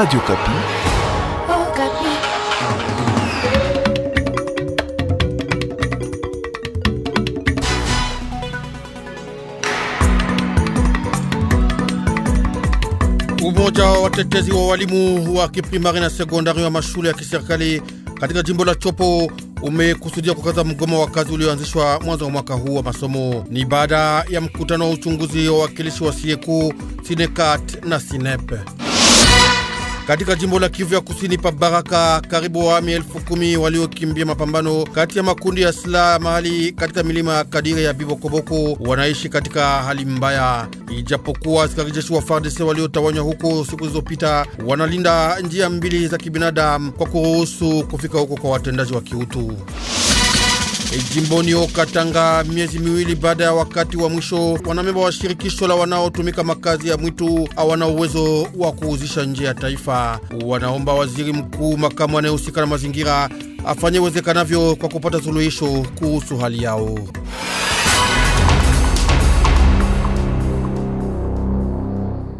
Radio Kapi. Oh, Kapi. Umoja wa watetezi wa walimu wa kiprimari na sekondari wa mashule ya kiserikali katika jimbo la Chopo umekusudia kukaza mgomo wa kazi ulioanzishwa mwanzo wa mwaka huu wa masomo. Ni baada ya mkutano wa uchunguzi wa wakilishi wa sieku sinekat na sinepe katika jimbo la Kivu ya kusini pa Baraka, karibu waami elfu kumi waliokimbia mapambano kati ya makundi ya silaha mahali katika milima ya Kadire ya Bibokoboko wanaishi katika hali mbaya, ijapokuwa askari jeshi wa FARDC waliotawanywa huko siku zilizopita wanalinda njia mbili za kibinadamu kwa kuruhusu kufika huko kwa watendaji wa kiutu. E, jimboni Okatanga, miezi miwili baada ya wakati wa mwisho, wanamemba wa shirikisho la wanaotumika makazi ya mwitu hawana uwezo wa kuuzisha nje ya taifa. Wanaomba waziri mkuu makamu anayehusika na mazingira afanye wezekanavyo kwa kupata suluhisho kuhusu hali yao.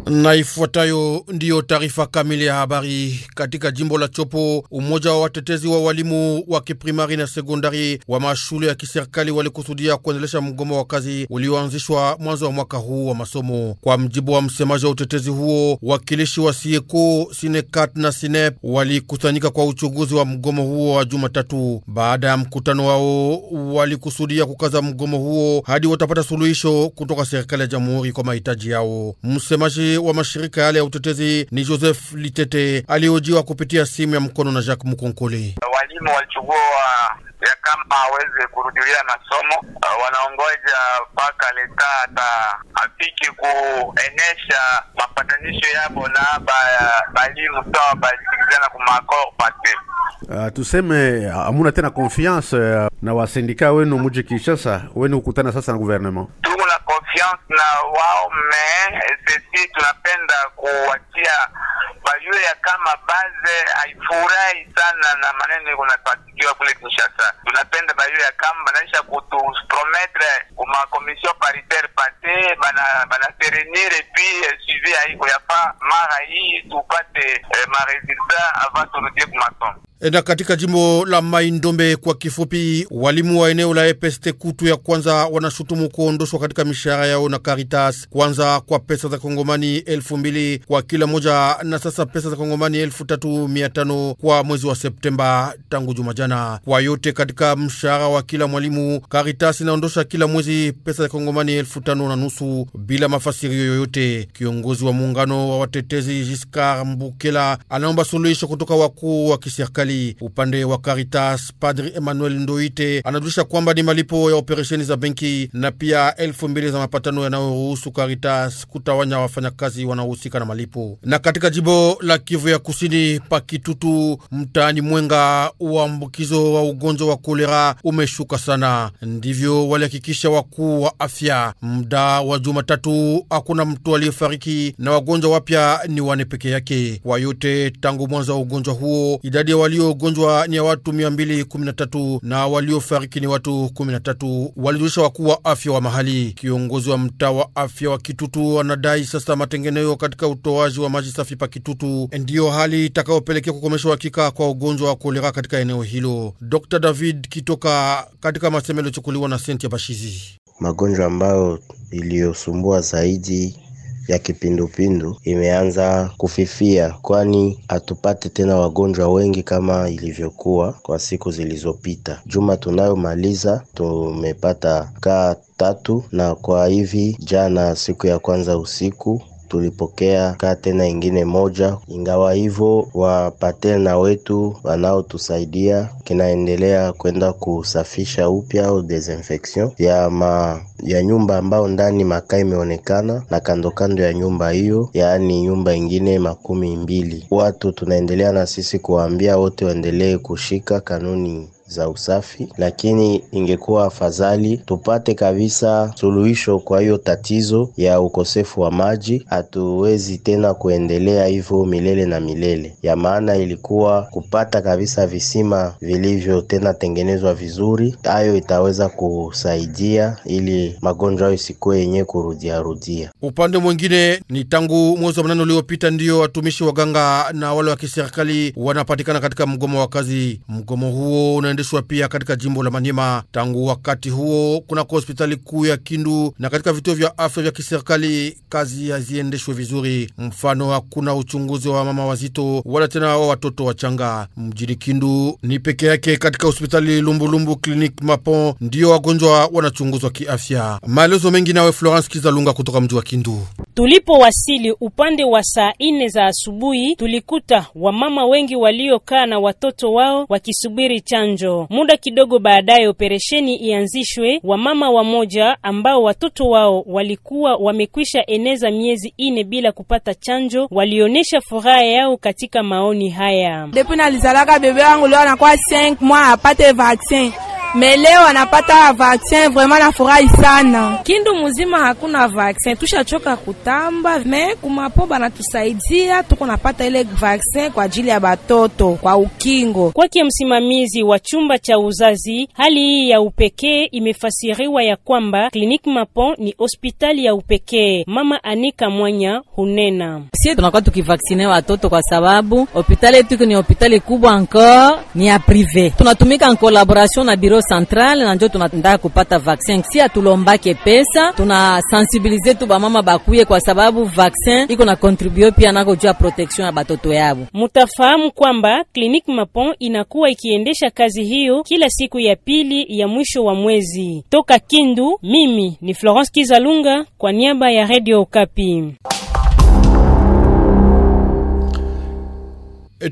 na ifuatayo ndiyo taarifa kamili ya habari. Katika jimbo la Chopo, umoja wa watetezi wa walimu wa kiprimari na sekondari wa mashule ya kiserikali walikusudia kuendelesha mgomo wa kazi ulioanzishwa mwanzo wa mwaka huu wa masomo. Kwa mjibu wa msemaji wa utetezi huo, wakilishi wa sieko sinekat na sinep walikusanyika kwa uchunguzi wa mgomo huo wa Jumatatu. Baada ya mkutano wao, walikusudia kukaza mgomo huo hadi watapata suluhisho kutoka serikali ya jamhuri kwa mahitaji yao. Msemaji wa mashirika yale ya utetezi ni Joseph Litete aliyojiwa kupitia simu ya mkono na Jacques Mukonkole. Walimu walichukua ya kama aweze kurudilia masomo, uh, wanaongoja mpaka leta afiki kuenesha mapatanisho yabo na balimu sawa balikizana kumakor pate. Uh, tuseme ah, hamuna tena confiance uh, na wasindika wenu muji Kinshasa, wenu kukutana sasa na gouvernement confiance na wao me sisi tunapenda kuwatia bajue ya kama baze haifurahi sana na maneno iko napatikiwa kule Kinshasa. Tunapenda bajue ya kama banaisha kutuprometre kuma commission paritaire pate bana bana epi eh, suivi aiko yafa mara hii tupate eh, maresultat avant turudie kumasomo E, na katika jimbo la maindombe kwa kifupi, walimu wa eneo la EPST Kutu ya kwanza wanashutumu kuondoshwa katika mishahara yao na Caritas, kwanza kwa pesa za Kongomani elfu mbili kwa kila moja na sasa pesa za Kongomani elfu tatu mia tano kwa mwezi wa Septemba tangu juma jana. Kwa yote katika mshahara wa kila mwalimu, Caritas inaondosha kila mwezi pesa za Kongomani elfu tano na nusu bila mafasirio yoyote. Kiongozi wa muungano wa watetezi Jiskar Mbukela anaomba suluhisho kutoka wakuu wa kiserikali serikali. Upande wa Caritas, Padri Emmanuel Ndoite anajulisha kwamba ni malipo ya operesheni za benki na pia elfu mbili za mapatano yanayoruhusu Caritas kutawanya wafanyakazi wanaohusika na malipo. Na katika jimbo la Kivu ya Kusini, Pakitutu mtaani Mwenga, uambukizo wa ugonjwa wa kolera umeshuka sana, ndivyo walihakikisha wakuu wa afya. Mda wa Jumatatu hakuna mtu aliyefariki na wagonjwa wapya ni wane peke yake. Kwa yote tangu mwanzo wa ugonjwa huo idadi ya walio waliogonjwa ni ya watu 213 na waliofariki ni watu 13, walijulisha wakuu wa afya wa mahali. Kiongozi wa mtaa wa afya wa Kitutu anadai sasa matengenezo katika utoaji wa maji safi pa Kitutu ndiyo hali itakayopelekea kukomesha uhakika kwa ugonjwa wa kolera katika eneo hilo. Dr David Kitoka katika masemo yaliyochukuliwa na Senti ya Bashizi, magonjwa ambayo iliyosumbua zaidi ya kipindupindu imeanza kufifia kwani hatupate tena wagonjwa wengi kama ilivyokuwa kwa siku zilizopita. Juma tunayomaliza tumepata kaa tatu na kwa hivi jana siku ya kwanza usiku tulipokea kaa tena ingine moja. Ingawa hivyo, wapatena wetu wanaotusaidia kinaendelea kwenda kusafisha upya au desinfection ya ma ya nyumba ambao ndani makaa imeonekana na kando kando ya nyumba hiyo, yaani nyumba ingine makumi mbili. Watu tunaendelea na sisi kuwaambia wote waendelee kushika kanuni za usafi, lakini ingekuwa afadhali tupate kabisa suluhisho kwa hiyo tatizo ya ukosefu wa maji. Hatuwezi tena kuendelea hivyo milele na milele, ya maana ilikuwa kupata kabisa visima vilivyo tena tengenezwa vizuri. Hayo itaweza kusaidia ili magonjwa hayo isikuwe yenye kurudiarudia. Upande mwingine ni tangu mwezi wa mnane uliopita ndiyo watumishi waganga na wale wa kiserikali wanapatikana katika mgomo wa kazi. Mgomo huo unaende yaliendeshwa pia katika jimbo la Manyema. Tangu wakati huo kunako hospitali kuu ya Kindu na katika vituo vya afya vya kiserikali kazi haziendeshwe vizuri. Mfano, hakuna uchunguzi wa mama wazito wala tena wa watoto wachanga. Mjini Kindu ni peke yake katika hospitali Lumbulumbu Clinic Mapon ndiyo wagonjwa wanachunguzwa kiafya. Maelezo mengi nawe Florence Kizalunga kutoka mji wa Kindu. Tulipowasili upande wa saa ine za asubuhi, tulikuta wamama wengi waliokaa na watoto wao wakisubiri chanjo chanjo. Muda kidogo baadaye operesheni ianzishwe, wamama wamoja ambao watoto wao walikuwa wamekwisha eneza miezi ine bila kupata chanjo walionyesha furaha yao katika maoni haya. Depi nalizalaka bebe wangu leo anakuwa 5 mois apate vaccin meleo anapata vaccin vraiment nafurahi sana. Kindu muzima hakuna vaksin, tushachoka kutamba me kumapo banatusaidia, tuko napata ile vaksin kwa ajili ya batoto kwa ukingo. Kwake msimamizi wa chumba cha uzazi, hali hii ya upekee imefasiriwa ya kwamba Clinique Mapon ni hospitali ya upekee. Mama Anika Mwanya hunena, sie tunakuwa tukivaksine watoto kwa sababu hospitali yetu ni hospitali kubwa encore, ni ya prive, tunatumika en collaboration na biro centrale Central na njo tunataka kupata vaccin si atulombake pesa, tunasensibilize tu bamama bakuye, kwa sababu vaccin iko na kontribue pia nako juu ya protection ya batoto yabo. Mutafahamu kwamba Clinique Mapon inakuwa ikiendesha kazi hiyo kila siku ya pili ya mwisho wa mwezi. Toka Kindu, mimi ni Florence Kizalunga kwa niaba ya Radio Okapi.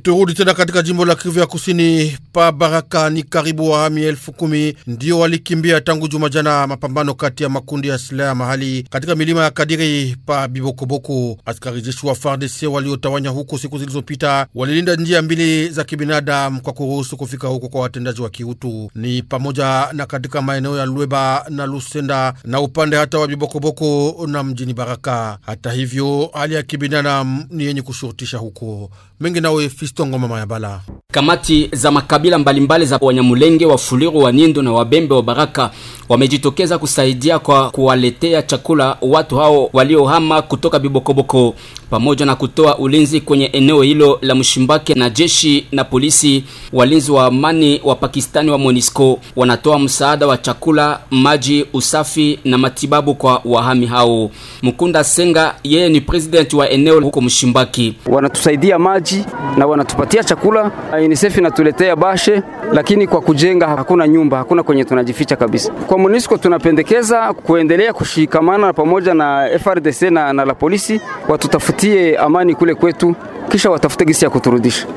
Turudi tena katika jimbo la Kivu ya Kusini pa Baraka, ni karibu wahami elfu kumi ndio walikimbia tangu Jumajana mapambano kati ya makundi ya silaha mahali katika milima ya Kadiri pa Bibokoboko. Askari jeshi wa FARDC waliotawanya huko siku zilizopita walilinda njia mbili za kibinadamu kwa kuruhusu kufika huko kwa watendaji wa kiutu, ni pamoja na katika maeneo ya Lweba na Lusenda na upande hata wa Bibokoboko na mjini Baraka. Hata hivyo, hali ya kibinadamu ni yenye kushurutisha huko mengi nawe Fiston Ngoma Mayabala. Kamati za makabila mbalimbali za Wanyamulenge, Wafuliru, Wanindo na Wabembe wa Baraka wamejitokeza kusaidia kwa kuwaletea chakula watu hao waliohama kutoka Bibokoboko pamoja na kutoa ulinzi kwenye eneo hilo la Mshimbake. Na jeshi na polisi, walinzi wa amani wa Pakistani wa MONUSCO wanatoa msaada wa chakula, maji, usafi na matibabu kwa wahami hao. Mkunda Senga yeye ni president wa eneo huko Mshimbaki. Wanatusaidia maji na wanatupatia chakula. Eh, UNICEF inatuletea bashe, lakini kwa kujenga hakuna nyumba, hakuna kwenye tunajificha kabisa. Kwa MONUSCO tunapendekeza kuendelea kushikamana pamoja na FRDC na, na la polisi, watutafutie amani kule kwetu, kisha watafute gisi ya kuturudisha.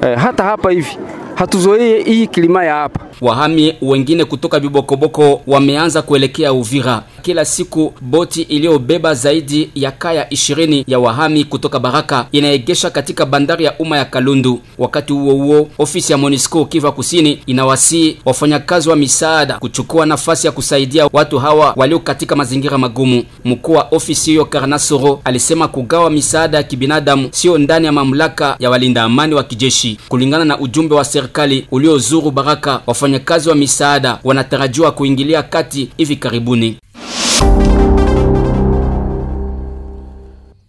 E, hata hapa hivi hatuzoee hii kilima ya hapa Wahami wengine kutoka Bibokoboko wameanza kuelekea Uvira. Kila siku boti iliyobeba zaidi ya kaya ishirini ya wahami kutoka Baraka inaegesha katika bandari ya umma ya Kalundu. Wakati huo huo, ofisi ya Monisco Kiva Kusini inawasii wafanyakazi wa misaada kuchukua nafasi ya kusaidia watu hawa walio katika mazingira magumu. Mkuu wa ofisi hiyo Karnasoro alisema kugawa misaada ya kibinadamu sio ndani ya mamlaka ya walinda amani wa kijeshi. Kulingana na ujumbe wa serikali uliozuru Baraka, wafanya wafanyakazi wa misaada wanatarajiwa kuingilia kati hivi karibuni.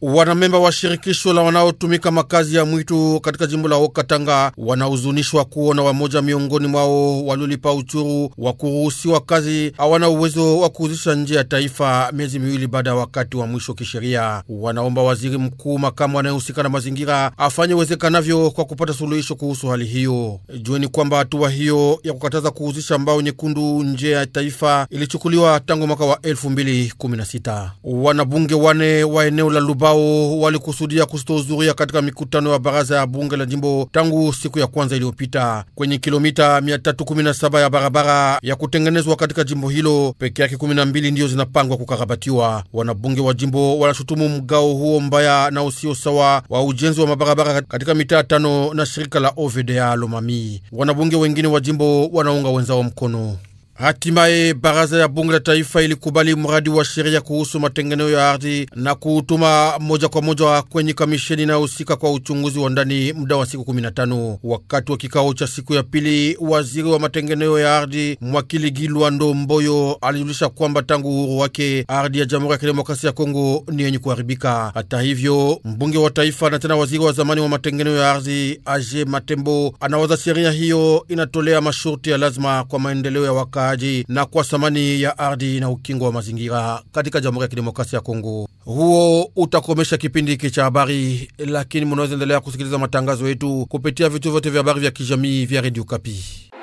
Wanamemba wa shirikisho la wanaotumika makazi ya mwitu katika jimbo la Okatanga wanahuzunishwa kuona wamoja miongoni mwao waliolipa uchuru wa kuruhusiwa kazi hawana uwezo wa kuhuzisha nje ya taifa miezi miwili baada ya wakati wa mwisho kisheria. Wanaomba waziri mkuu makamu anayehusika na mazingira afanye uwezekanavyo kwa kupata suluhisho kuhusu hali hiyo. Jueni kwamba hatua hiyo ya kukataza kuhuzisha mbao nyekundu nje ya taifa ilichukuliwa tangu mwaka wa 2016. Wanabunge wane wa eneo la Luba ambao walikusudia kustohudhuria katika mikutano ya baraza ya bunge la jimbo tangu siku ya kwanza iliyopita. Kwenye kilomita 317 ya barabara ya kutengenezwa katika jimbo hilo peke yake 12 ndiyo zinapangwa kukarabatiwa. Wanabunge wa jimbo wanashutumu mgao huo mbaya na usio sawa wa ujenzi wa mabarabara katika mitaa tano na shirika la OVDA Lomami. Wanabunge wengine wa jimbo wanaunga wenzao mkono. Hatimaye baraza ya bunge la taifa ilikubali mradi wa sheria kuhusu matengenezo ya ardhi na kuutuma moja kwa moja kwenye kamisheni inayohusika kwa uchunguzi wa ndani muda wa siku 15. Wakati wa kikao cha siku ya pili, waziri wa matengenezo ya ardhi mwakili Gilwando Mboyo alijulisha kwamba tangu uhuru wake ardhi ya Jamhuri ya Kidemokrasia ya Kongo ni yenye kuharibika. Hata hivyo, mbunge wa taifa na tena waziri wa zamani wa matengenezo ya ardhi Aje Matembo anawaza sheria hiyo inatolea masharti ya lazima kwa maendeleo ya waka wakaaji na kwa thamani ya ardhi na ukingo wa mazingira katika Jamhuri ya Kidemokrasia ya Kongo. Huo utakomesha kipindi hiki cha habari, lakini munaweza endelea kusikiliza matangazo yetu kupitia vituo vyote vya habari vya kijamii vya redio Kapi.